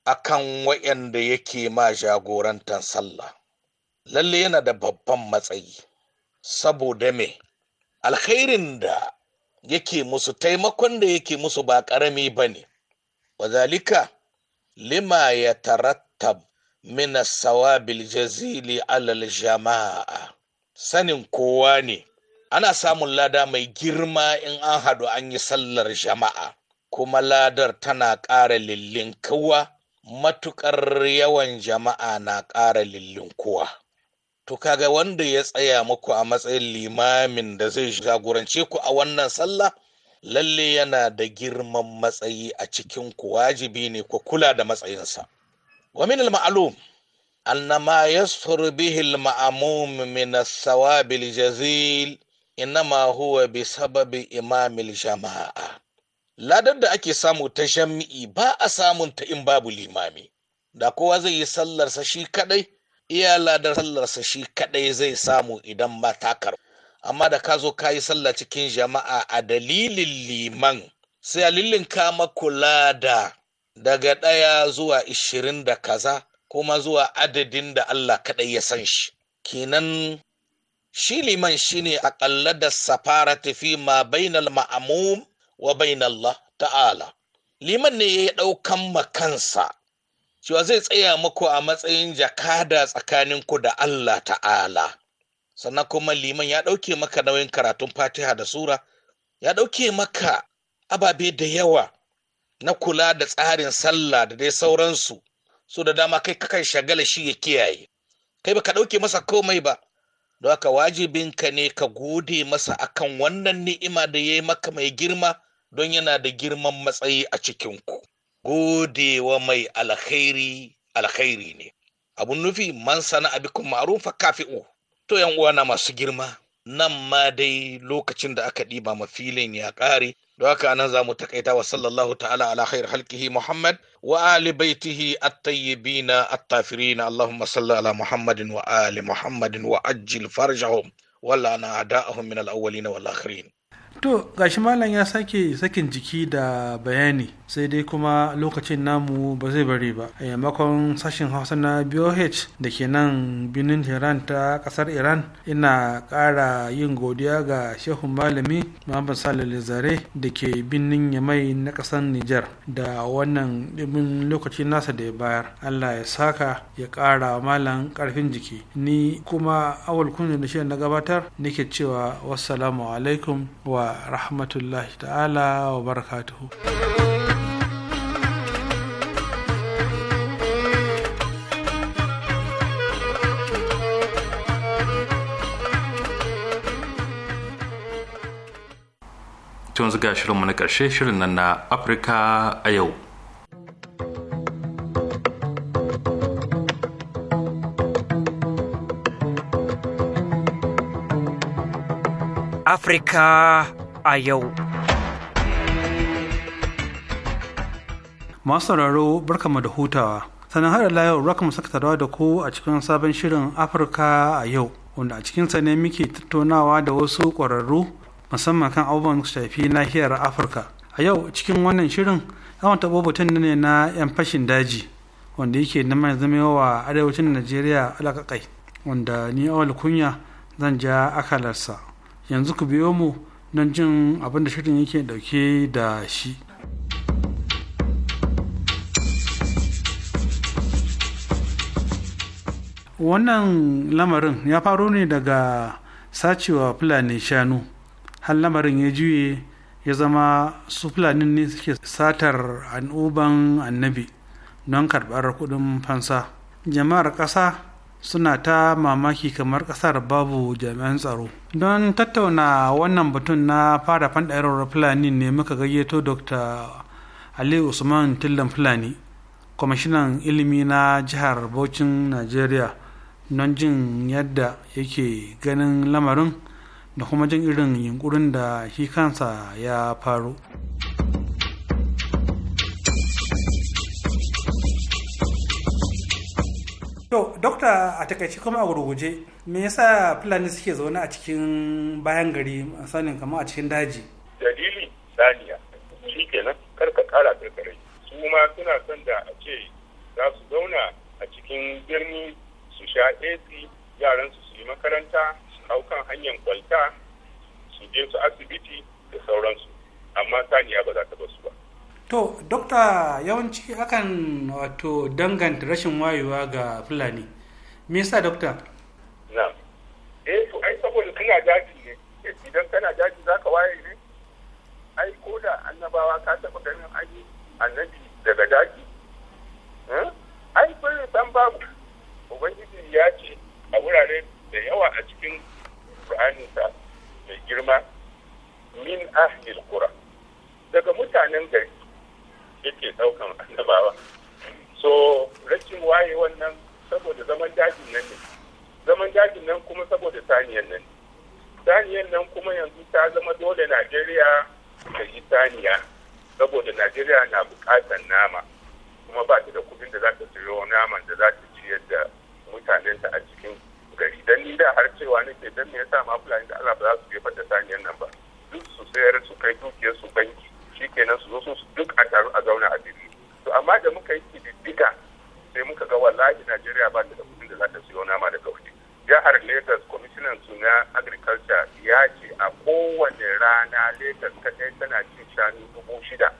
akan waɗanda yake ma jagorantar sallah lalle yana da babban matsayi saboda me alkhairin da yake musu taimakon da yake musu ba ƙarami ba ne wazalika lima ya tarat murattab min sawabil jazili alal jama'a sanin kowa ne ana samun lada mai girma in an hadu an yi sallar jama'a kuma ladar tana ƙara lillin kowa matuƙar yawan jama'a na ƙara lillin kowa to kaga wanda ya tsaya muku a matsayin limamin da zai jagorance ku a wannan sallah lalle yana da girman matsayi a cikin ku wajibi ne ku kula da matsayinsa wa min al-ma'lum anna ma yasfur bihi al-ma'mum min as-sawab al-jazil huwa bi sababi imam al-jama'a ladar da ake samu ta jami'i ba a samun ta in babu limami da kowa zai yi sallarsa shi kadai iya ladar sallarsa shi kadai zai samu idan ma takar amma da ka zo ka yi sallah cikin jama'a a dalilin liman sai a lillinka maku lada daga ɗaya zuwa ishirin da kaza kuma zuwa adadin da Allah kaɗai ya san shi kenan shi liman shine aƙalla da safara tafi ma bainal ma'amum wa bainallah ta'ala liman ne ya ɗaukan makansa cewa zai tsaya muku a matsayin jakada tsakanin ku da Allah ta'ala sannan kuma liman ya ɗauke maka nauyin karatun fatiha da sura ya ɗauke maka ababe da yawa na kula da tsarin sallah da dai sauransu so da dama kai kakan shagala shi ya kiyaye kai baka ɗauke masa komai ba don haka wajibinka ne ka gode masa akan wannan ni'ima da ya yi maka mai girma don yana da girman matsayi a cikinku godewa mai alkhairi alkhairi ne abun nufi man sana abikun ma'ruf kafi'u to yan uwana masu girma nan ma dai lokacin da aka ɗiba ma filin ya ƙare don haka nan za mu takaita wa sallallahu ta'ala ala khair halkihi muhammad wa ali baitihi at-tayyibin at-tafirin allahumma salli ala muhammadin wa ali muhammadin wa ajil farjahum wala na ada'ahum min al-awwalin wal akhirin to gashi malam ya sake sakin jiki da bayani sai dai kuma lokacin namu ba zai bari ba a yammakon sashen hausa na boh da ke nan birnin tehran ta kasar iran ina kara yin godiya ga shehun malami muhammad salih zare da ke birnin yamai na ƙasar Nijar da wannan ɗimin lokacin nasa da ya bayar allah ya saka ya kara malam karfin jiki ni kuma awal kunya da shi na gabatar nake cewa wassalamu alaikum wa rahmatullahi ta'ala wa barakatuhu. tun shirin shirinmu na ƙarshe shirin nan na afirka a yau afirka a yau. Masu sauraro barkama da hutawa. Sannan har layo yau rakam sakatarwa da ku a cikin sabon shirin Afirka a yau, wanda a cikinsa ne muke tattaunawa da wasu ƙwararru musamman kan abubuwan shafi nahiyar Afirka. A yau cikin wannan shirin yawan taɓo batun ne na 'yan fashin daji wanda yake na mai zama wa arewacin Najeriya alaƙaƙai wanda ni awal kunya zan ja akalarsa. Yanzu ku biyo mu don jin abin da shirin yake dauke da shi wannan lamarin ya faro ne daga sacewa fulani shanu har lamarin ya juye ya zama su fulanin ne suke satar an'uban annabi don karɓar kudin fansa jama'ar ƙasa suna ta mamaki kamar kasar babu jami'an tsaro don tattauna wannan batun na fara fanɗarar fulani ne muka gayyato dr ali usman tillan fulani kwamishinan ilimi na jihar bauchin nigeria don jin yadda yake ganin lamarin da kuma jin irin yunkurin da shi kansa ya faru. To, dokta a takaice kuma a gurguje, me yasa Fulani suke zaune a cikin bayan gari sanin kamar a cikin daji? Dalili saniya, shi kenan karka kara karkarai. Su ma suna son da a ce za su zauna a cikin birni su sha AC, yaran su su yi makaranta, su hau kan hanyar kwalta, su je su asibiti da sauransu. Amma saniya ba za ta basu. to dokta yawanci akan wato danganta rashin wayewa ga fulani me yasa dokta na eh to ai saboda kana daji ne idan kana daji ka waye ne ai ko da annabawa ka taba ganin aji annabi daga daji hmm? ai ko bai dan babu ubangiji ya ce a wurare da yawa a cikin Qur'aninsa mai girma min ahlil kura daga mutanen gari yake daukan annabawa so rashin waye wannan saboda zaman dajin nan ne zaman dajin nan kuma saboda saniyan nan saniyan nan kuma yanzu ta zama dole najeriya ta yi saniya saboda najeriya na bukatar nama kuma ba ta da kudin da za ta siyo naman da za ta ciyar da mutanenta a cikin gari dan ni da har cewa nake dan me yasa ma fulani da Allah ba za su jefar da saniyan nan ba duk su sayar su kai dukiyar su banki shikenan su zo sun duk a taru a zauna a birni to amma da muka yi kididdiga sai muka ga wallahi Najeriya ba ta da kudin da za ta siyo nama daga waje jihar Lagos kwamishinan su na agriculture ya ce a kowane rana Lagos kadai tana cin shanu dubu shida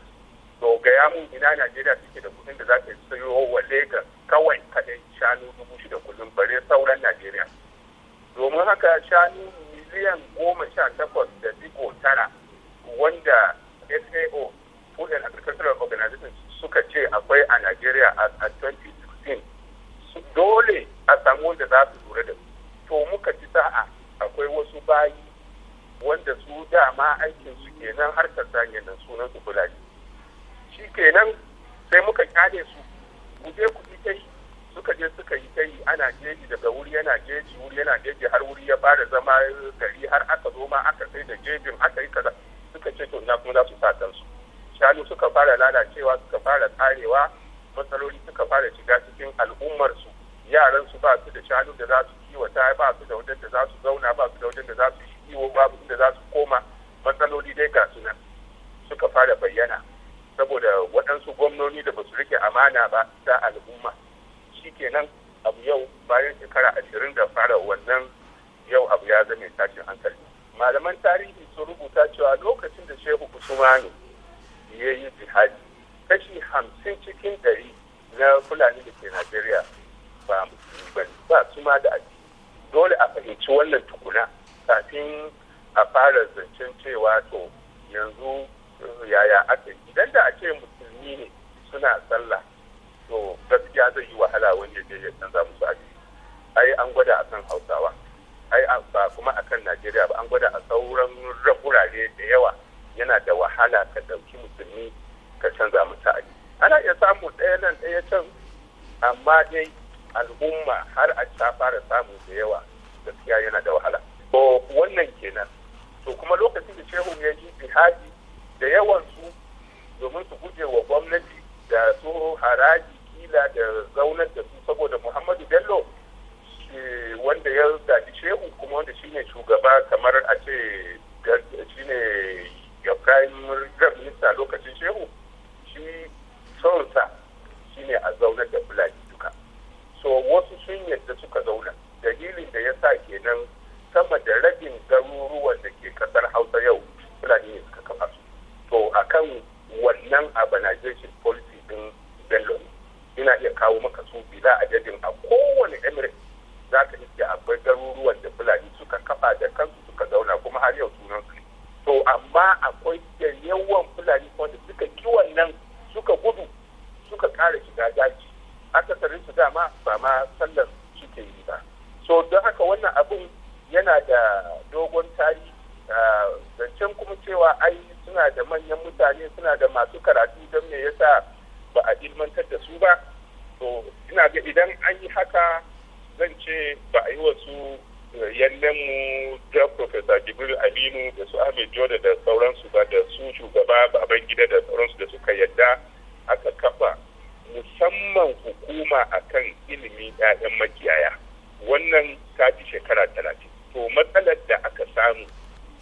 to gaya mun ina Najeriya suke da kudin da za ta siyo wa Lagos kawai kadai shanu dubu shida kullum bare sauran Najeriya domin haka shanu miliyan goma sha takwas da digo tara wanda SAO Food and Agricultural Organization suka ce akwai a Nigeria a 2016 dole a samu wanda za su lura da to muka ci sa'a akwai wasu bayi wanda su dama aikin su kenan har zanyen nan sunan su fulani shi kenan sai muka kyale su mu je ku ta yi suka je suka yi ta yi ana jeji daga wuri yana jeji wuri yana jeji har wuri ya fara zama gari har aka zo ma aka sai da jejin aka yi kaza suka ce to ina kuma za su sa su shanu suka fara lalacewa suka fara karewa matsaloli suka fara shiga cikin al'ummar su yaran su ba su da shanu da za su kiwata ba su da wajen da za su zauna ba su da wajen da za su yi kiwo ba su da za su koma matsaloli dai ga suna suka fara bayyana saboda waɗansu gwamnoni da ba su rike amana ba ta al'umma shikenan abu yau bayan shekara ashirin da fara wannan yau abu ya zame tashin hankali malaman tarihi sun rubuta cewa lokacin da shehu usmanu ya yi jihadi kashi hamsin cikin ɗari na fulani da ke najeriya ba musulmi ba ba su ma da aji dole a fahimci wannan tukuna kafin a fara zancen cewa to yanzu eh, yaya aka yi idan da a ce musulmi ne suna sallah to gaskiya zai yi wahala wanda ya canza musu aji ai an gwada a akan hausawa ai ba kuma a kan najeriya ba an gwada a sauran wurare da yawa yana da wahala ka ɗauki musulmi ka canza a ana iya samu ɗaya nan ɗaya can amma dai al'umma har a ta fara samu da yawa gaskiya yana da wahala to wannan kenan to kuma lokacin da shehu ya ji jihadi da yawan su domin su guje wa gwamnati da su haraji kila da zaunar da su saboda muhammadu bello Eh, wanda ya zaɓi shehu kuma wanda shine shugaba kamar a ce shine ya prime minista lokacin shehu shi sonsa shine a zaunar da fulani duka so wasu sun yadda suka zauna dalilin da ya sa kenan sama da rabin garuruwan da ke kasar hausa yau fulani ne suka kafa su to akan wannan urbanization policy din bello ina iya kawo maka su bila a adadin a kowane emirate za ka nufi akwai garuruwan da fulani suka kafa da kansu suka zauna kuma har yau sunan su to amma akwai da yawan fulani wanda suka kiwon nan, suka gudu suka ƙara shiga daji sarin su dama ba ma sallar suke yi ba so don haka wannan abun yana da dogon tarihi zancen kuma cewa ai suna da manyan mutane suna da masu karatu don me yasa ba a ilmantar da su ba to ina ga idan an yi haka zan ce ba a yi wasu eh, mu da Profesa Jibril Aminu da su Ahmed Jordan da sauransu ba da su shugaba baban gida da sauransu da suka yadda aka kafa musamman hukuma akan ilimi ɗayan makiyaya wannan ta shekara talatin to matsalar da aka samu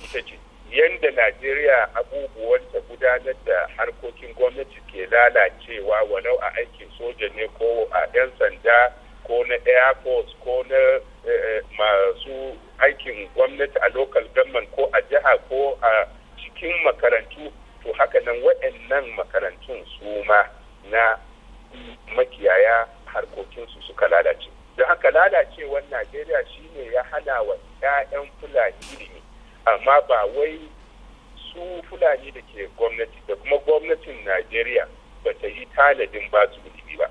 ita ce yadda najeriya abubuwan ta gudanar da harkokin gwamnati ke lalacewa walau a aikin soja ne ko a 'yan sanda ko na air force ko na eh, eh, masu aikin gwamnati a local government ko a jiha ko a cikin makarantu to haka nan waɗannan makarantun su ma na makiyaya harkokinsu suka lalace don haka lalacewar najeriya shine ya hana wa 'ya'yan fulani ilimi amma ba wai su fulani da ke gwamnati da kuma gwamnatin najeriya ba ta yi tanadin ba su ilimi ba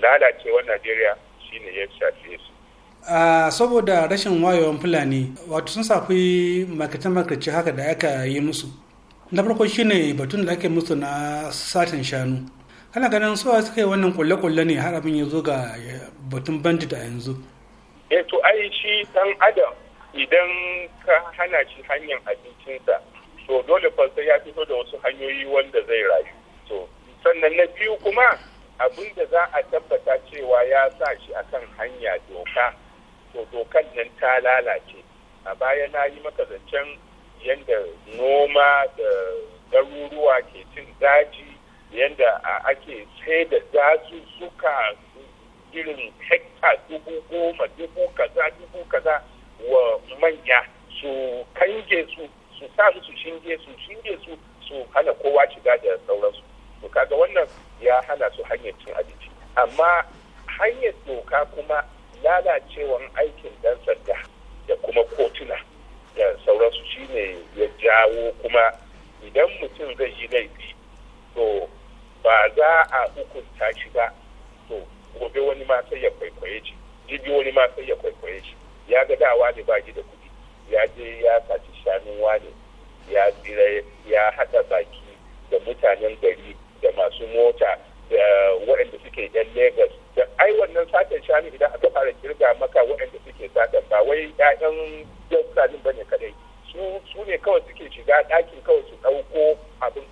lalacewar najeriya shine ya shafe su saboda rashin wayewan fulani wato sun safi makita makarci haka da aka yi musu na farko shine batun da ake musu na satin shanu ana ganin suwa suka yi wannan kulle-kulle ne har abin ya zo ga batun bandit a yanzu eh to ai shi dan adam idan ka hana shi hanyar abincinsa to dole fa ya fito da wasu hanyoyi wanda zai rayu to sannan na biyu kuma abin da za a tabbata cewa ya sa shi a kan hanya doka to dokan nan ta lalace a baya na yi maka zancen yadda noma da garuruwa ke cin daji yadda ake sai da suka irin hekta dubu goma dubu kaza dubu kaza wa manya su kange su su sa su shinge su shinge su su hana kowa shiga da sauransu to kaga wannan ya hana su hanyar cin abinci amma hanyar doka kuma lalacewan aikin dan sanda da kuma kotuna da sauransu shine ya jawo kuma idan mutum zai yi laifi to ba za a hukunta shi ba to gobe wani ma sai ya kwaikwaye shi jibi wani ma sai ya kwaikwaye shi ya ga dawa ne ba da kuɗi ya je ya saci shanun wane ya tsira ya haɗa baki da mutanen gari da masu mota da waɗanda suke yan Legas da ai wannan satan shanu idan aka fara kirga maka waɗanda suke satan ba wai ƴaƴan jan bane kadai su ne kawai suke shiga ɗakin kawai su ɗauko abin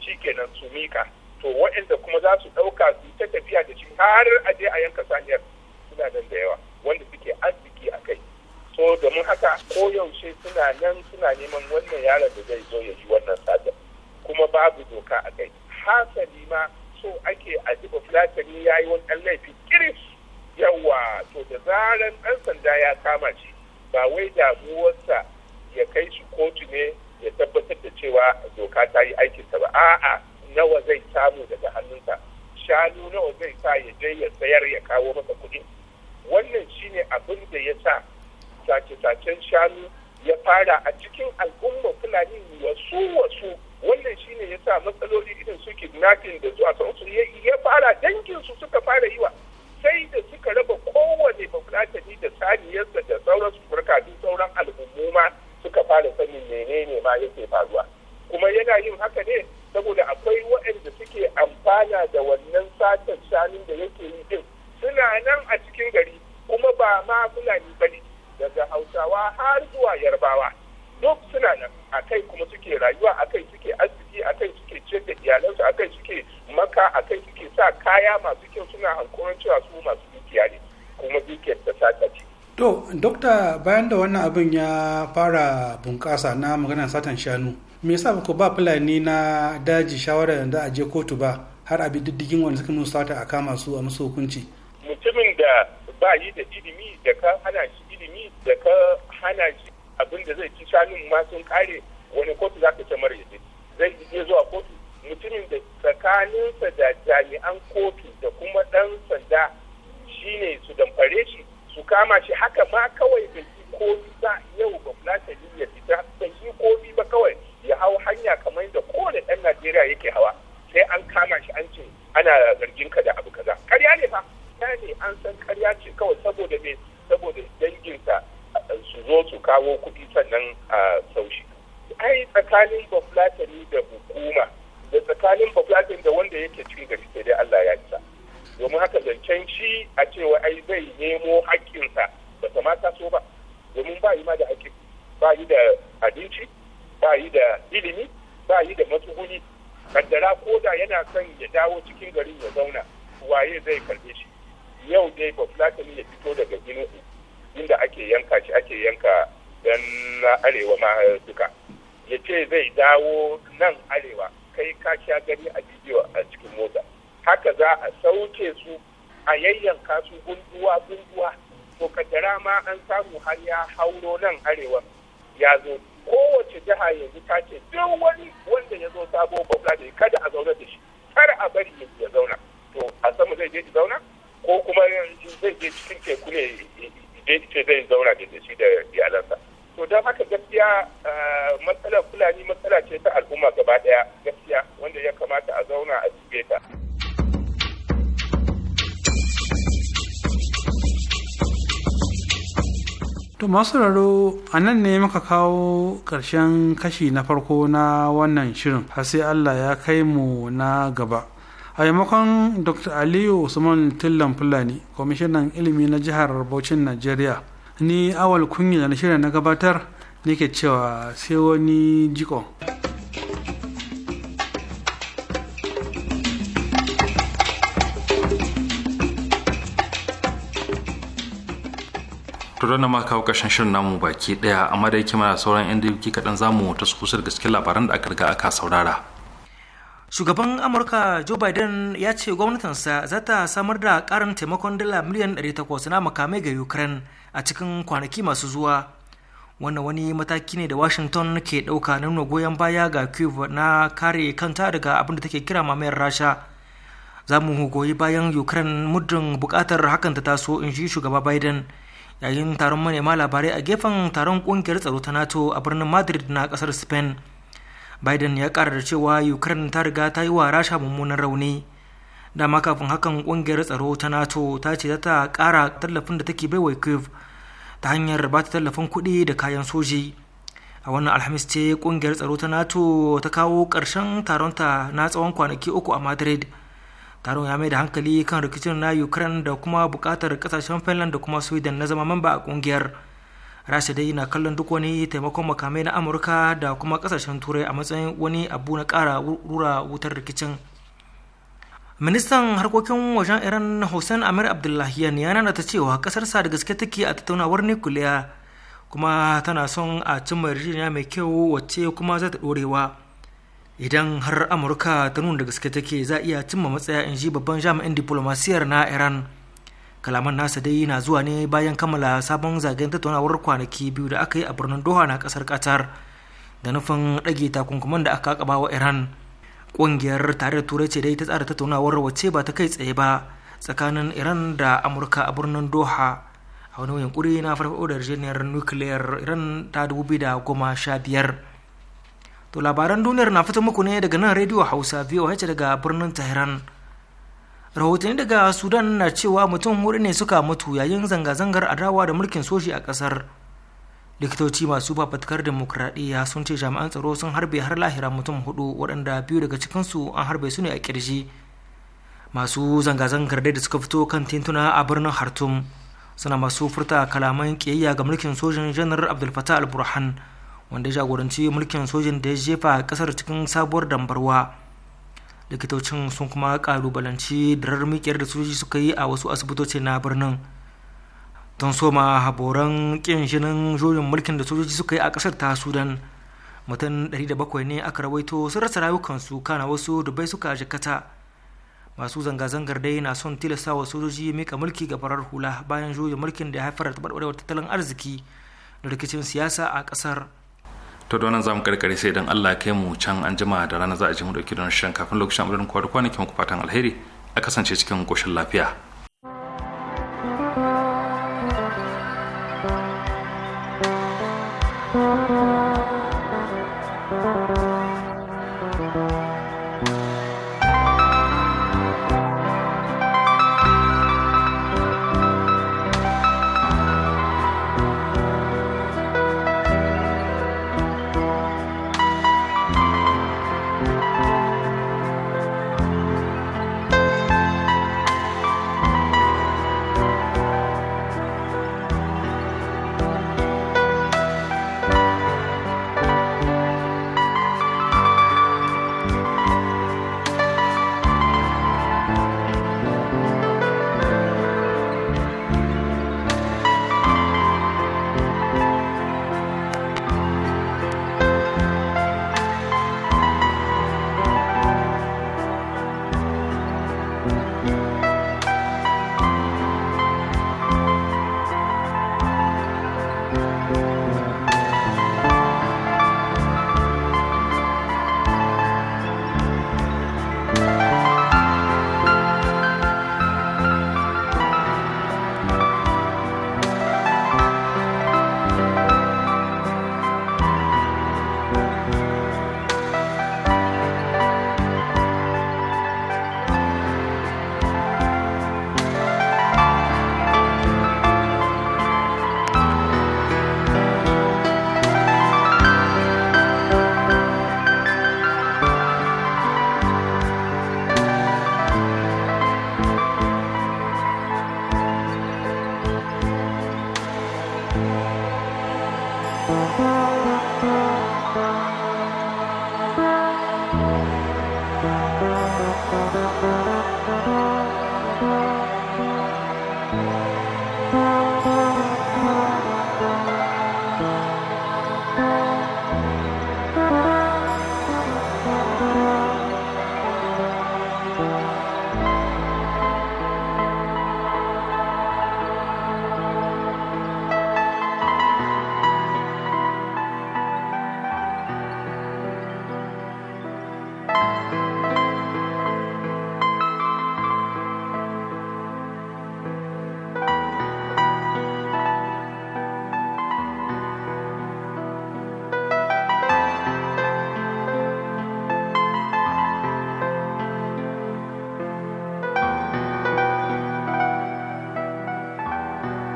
shikenan su mika to waɗanda kuma za su ɗauka su ta tafiya da shi har a je a yanka saniyar suna nan da yawa wanda suke arziki a kai so domin haka koyaushe suna nan suna neman wannan yaron da zai zo ya ji wannan satar kuma babu doka a kai hasali ma so ake a fulatani ya yi wani ɗan laifi kiris yawa to da zaran ɗan sanda ya kama shi ba wai damuwarsa ya kai su kotu ne ya tabbatar da cewa doka ta yi aikinsa ba a'a nawa zai samu daga hannunsa shanu nawa zai sa ya je ya sayar ya kawo masa kuɗi wannan shine abin da ya sa sace-sacen shanu ya fara a cikin al'ummar fulani wasu wasu wannan shine ya sa matsaloli irin su kidnapping da zuwa sauransu ya fara danginsu suka fara yi wa sai da suka raba kowane bafulatani da saniyarsa da sauran burkatun sauran al'ummuma suka fara sanin menene ma yake faruwa kuma yana yin haka ne saboda akwai waɗanda suke amfana da wannan satan shanun da yake yi din suna nan a cikin gari kuma ba ma fulani bane daga hausawa har zuwa yarbawa duk suna nan a kai kuma suke rayuwa a kai suke arziki a kai suke ciyar da iyalansu a kai suke maka a kai suke sa kaya masu kyau suna hankoron cewa su masu dukiya ne kuma dukiyar ta sata ce. to dokta bayan da wannan abin ya fara bunƙasa na maganar satan shanu me yasa ba ku ba fulani na daji shawara da a je kotu ba har a bi diddigin wanda suka musu sata a kama su a musu hukunci. mutumin da ba yi da ilimi da ka hana shi ilimi da ka hana shi abin da zai ci shanun ma sun kare wani kotu za ka ce mara yaje zai iya zuwa kotu mutumin da tsakaninsa da jami'an kotu da kuma ɗan sanda shine su damfare shi su kama shi haka ma kawai bai yi komi ba yau ba fulatani ya fita bai yi komi ba kawai ya hau hanya kamar da kowane ɗan najeriya yake hawa sai an kama shi an ce ana zargin ka da abu kaza karya ne fa ne an san karya ce kawai saboda mai kawo kuɗi sannan a saushi ai tsakanin bafulatani da hukuma da tsakanin bafulatani da wanda yake cikin gari sai dai Allah ya isa domin haka zancen shi a cewa ai zai nemo haƙƙinsa ba ta mata so ba domin ba yi ma da haƙƙi ba yi da abinci ba yi da ilimi ba yi da matsuguni kaddara ko da yana son ya dawo cikin garin ya zauna waye zai karbe shi yau dai bafulatani ya fito daga ginin inda ake yanka shi ake yanka don na arewa ma duka ya ce zai dawo nan arewa kai ka sha gani a bidiyo a cikin mota haka za a sauke su a yayyanka su gunduwa gunduwa to kaddara ma an samu har ya hauro nan arewa ya zo kowace jiha yanzu ta ce duk wani wanda ya zo sabo babla da kada a zauna da shi kar a bari ya zauna to a sama zai je zauna ko kuma zai je cikin teku ne je zai zauna da shi da iyalansa to da haka gaskiya eh, matsalar fulani matsala ce ta al'umma gaba daya gaskiya wanda ya kamata a zauna a cike ta To masu raro a nan ne muka kawo ƙarshen kashi na farko na wannan shirin har sai Allah ya kai mu na gaba. A maimakon Dr. Aliyu Usman Tillan Fulani, kwamishinan ilimi na jihar Bauchin Najeriya, ni awal kunya da shirya na gabatar nake cewa sai wani jiko na maka kawo ƙarshen shirin namu baki ɗaya amma dai kima da sauran 'yan duki kaɗan zamu ta su da gaske labaran da aka riga aka saurara shugaban amurka joe biden ya ce gwamnatinsa za ta samar da karin taimakon dala miliyan 800 na makamai ga ukraine a cikin kwanaki masu zuwa wannan wani mataki ne da washington ke ɗauka na nuna goyon baya ga cuba na kare kanta daga abin da take kira mamayar rasha za mu goyi bayan ukraine muddin bukatar hakan ta taso in shi shugaba biden yayin taron manema labarai a gefen taron ƙungiyar tsaro ta nato a birnin madrid na ƙasar spain biden ya kara da cewa ukraine ta riga ta yi wa rasha mummunan rauni dama kafin hakan kungiyar tsaro ta nato ta ce ta kara tallafin da take baiwa kiv ta hanyar ba ta tallafin kuɗi da kayan soji a wannan alhamis ce kungiyar tsaro ta nato ta kawo ƙarshen taronta na tsawon kwanaki uku a madrid taron ya mai da hankali kan rikicin na ukraine da kuma bukatar kasashen finland da kuma sweden na zama mamba a kungiyar rasha dai na kallon duk wani taimakon makamai na amurka da kuma kasashen turai a matsayin wani abu na kara rura wutar rikicin ministan harkokin wajen iran hussein amir abdullahiyan ya nana ta cewa kasarsa da gaske take a tattaunawar nukiliya kuma tana son a cimma yarjejeniya mai kyau wacce kuma za ta dorewa idan har amurka ta nuna da gaske take za iya cimma matsaya in ji babban jami'in diplomasiyar na iran kalaman nasa dai na zuwa ne bayan kammala sabon zagayen tattaunawar kwanaki biyu da aka yi a birnin doha na kasar qatar da nufin rage takunkuman da aka kaba wa iran ƙungiyar tare turai ce dai ta tsara tattaunawar wacce ba ta kai tsaye ba tsakanin iran da amurka a birnin doha a wani yunkuri na farko da yarjejeniyar nukiliyar iran ta dubu da goma sha biyar to labaran duniyar na fita muku ne daga nan rediyo hausa voh daga birnin tehran rahotanni daga sudan na cewa mutum hudu ne suka mutu yayin zanga-zangar adawa da mulkin soji a kasar likitoci masu fafatkar demokradiyya sun ce jami'an tsaro sun harbe har lahira mutum hudu waɗanda biyu daga cikinsu an harbe su ne a kirji masu zanga-zangar da suka fito kan tintuna a birnin hartum suna masu furta kalaman kiyayya ga mulkin sojin janar abdul fatah al-burhan wanda ya jagoranci mulkin sojin da ya jefa kasar cikin sabuwar dambarwa likitocin sun kuma kalubalanci darar mikiyar da sojoji suka yi a wasu asibitoci na birnin tun ma haboran kin shinin juyin mulkin da sojoji suka yi a kasar ta sudan mutum 700 ne aka rawaito sun rasa rayukansu kana wasu dubai suka jikata masu zanga-zangar dai na son tilasta wa sojoji mika mulki ga farar hula bayan juyin mulkin da ya haifar da tabarwarewar tattalin arziki da rikicin siyasa a kasar. to da wannan zamu karkare sai dan Allah kai mu can an jima da rana za a ji mu dauki don shan kafin lokacin abin kwanaki muku fatan alheri a kasance cikin koshin lafiya